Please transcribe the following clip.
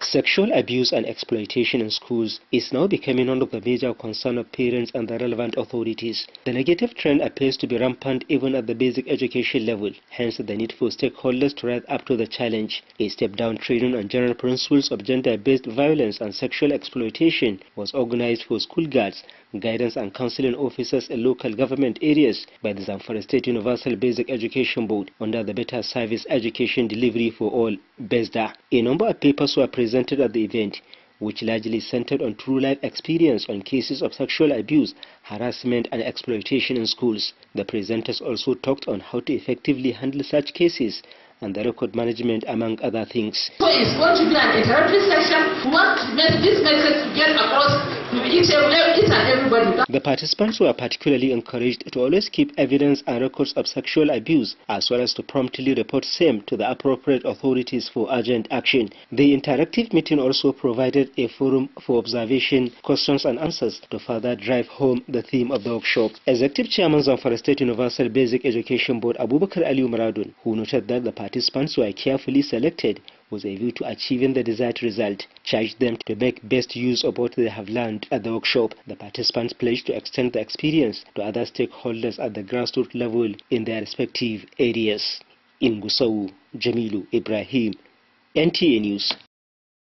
Sexual abuse and exploitation in schools is now becoming one of the major concerns of parents and the relevant authorities. The negative trend appears to be rampant even at the basic education level, hence the need for stakeholders to rise up to the challenge. A step-down training on general principles of gender-based violence and sexual exploitation was organized for school guards, guidance and counseling officers in local government areas by the Zamfara State Universal Basic Education Board under the Better Service Education Delivery for All, BESDA. A number of papers were presented presented at the event, which largely centered on true life experience on cases of sexual abuse, harassment and exploitation in schools. The presenters also talked on how to effectively handle such cases and the record management among other things. So it's going to be an interactive What this message to get across to each and the participants were particularly encouraged to always keep evidence and records of sexual abuse as well as to promptly report same to the appropriate authorities for urgent action. The interactive meeting also provided a forum for observation, questions and answers to further drive home the theme of the workshop. Executive Chairman the State Universal Basic Education Board Abubakar Ali Maradun, who noted that the participants were carefully selected was a view to achieving the desired result, charged them to make best use of what they have learned at the workshop. The participants pledged to extend the experience to other stakeholders at the grassroots level in their respective areas. In Gusau, Jamilu Ibrahim, NTA News.